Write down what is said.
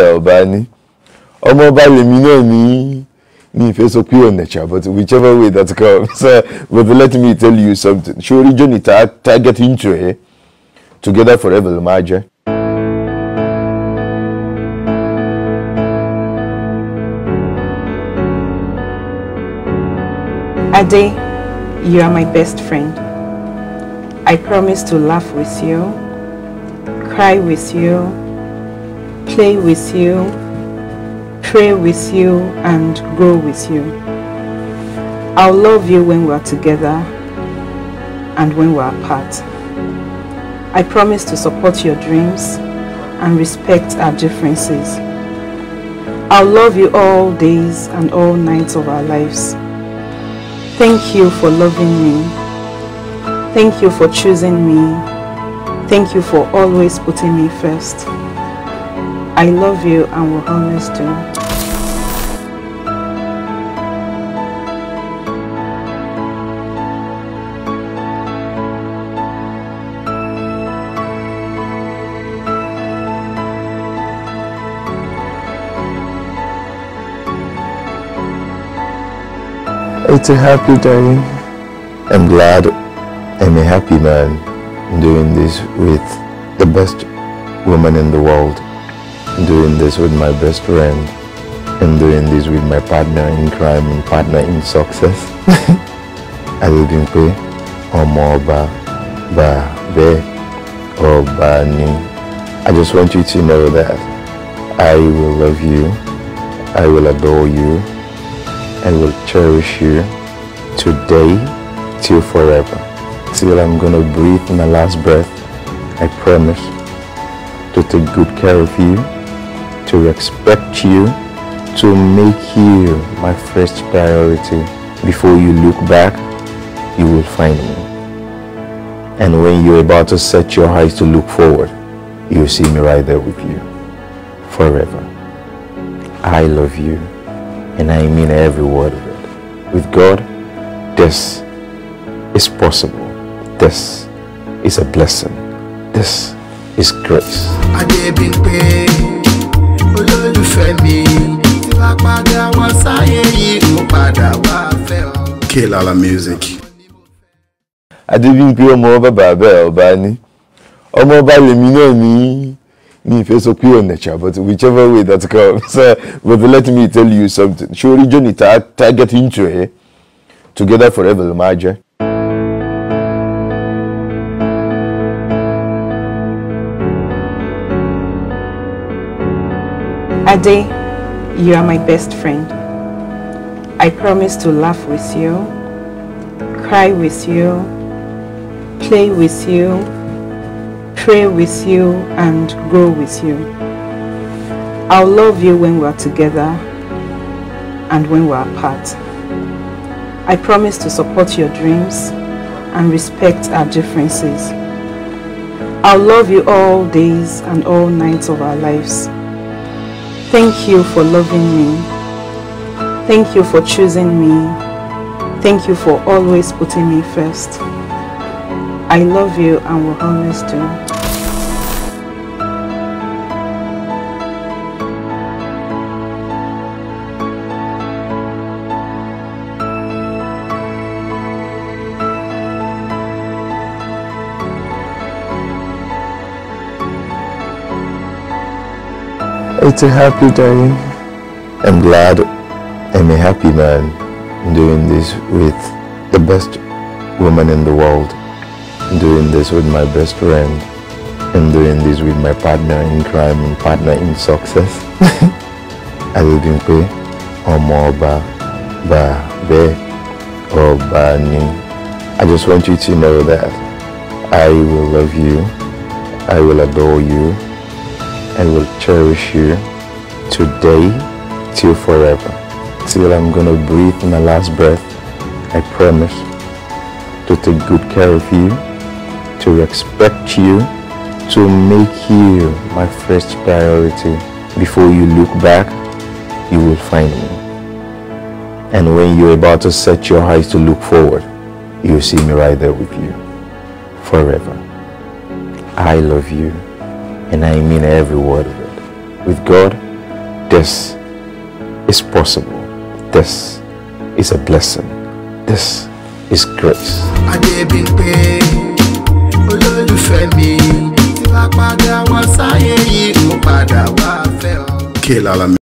ọba ní ọmọ ọba lèmi náà ní ní ìfẹ́ sọ pé ọ̀nà ìṣà but whichever way that comes so, but let me tell you something ṣorí jóni tá a into ẹ together forever ló máa jẹ́. Ade, you are my best friend. I promise to laugh with you, cry with you, play with you, pray with you, and grow with you. I'll love you when we're together and when we're apart. I promise to support your dreams and respect our differences. I'll love you all days and all nights of our lives. Thank you for loving me. Thank you for choosing me. Thank you for always putting me first. I love you and will always do. It's a happy day. I'm glad I'm a happy man doing this with the best woman in the world doing this with my best friend and doing this with my partner in crime and partner in success. I Adedin pé ọmọ um, ọba bàbẹ́ ọba ni. I just want you to know that I will love you, I will adore you, I will cherish you today till forever. Till I'm gonna breathe my last breath, I promise to take good care of you to respect you, to make you my first priority. Before you look back, you will find me. And when you're about to set your eyes to look forward, you'll see me right there with you forever. I love you, and I mean every word of it. With God, this is possible. This is a blessing. This is grace. K-Lala Music. Adébímpé ọmọ ọba bàbá ọba ni ọmọ ọba lèmi náà ní ní ìfẹ́ sọ pé ọ̀nà ìṣà but whichever way that comes uh, but let me tell you something ṣé orí jóni ta target into ẹ together forever ló máa jẹ́. Ade, you are my best friend. I promise to laugh with you, cry with you, play with you, pray with you, and grow with you. I'll love you when we're together and when we're apart. I promise to support your dreams and respect our differences. I'll love you all days and all nights of our lives. Thank you for loving me Thank you for choosing me. Thank you for always putting me first. I love you and will always do. It's a happy day. I'm glad I'm a happy man doing this with the best woman in the world, doing this with my best friend, and doing this with my partner in crime and partner in success. I live in pé ọmọ ọba bá bẹ́ẹ̀ ọba ni. I just want you to know that I will love you, I will adore you, I will cherish you today till forever till I'm going to breathe my last breath, I promise to take good care of you, to respect you, to make you my first priority. Before you look back, you will find me. And when you're about to set your eyes to look forward, you'll see me right there with you forever. I love you, and I mean every word of it. With God, this is possible. This is a blessing. This is grace. Kí lálàmì.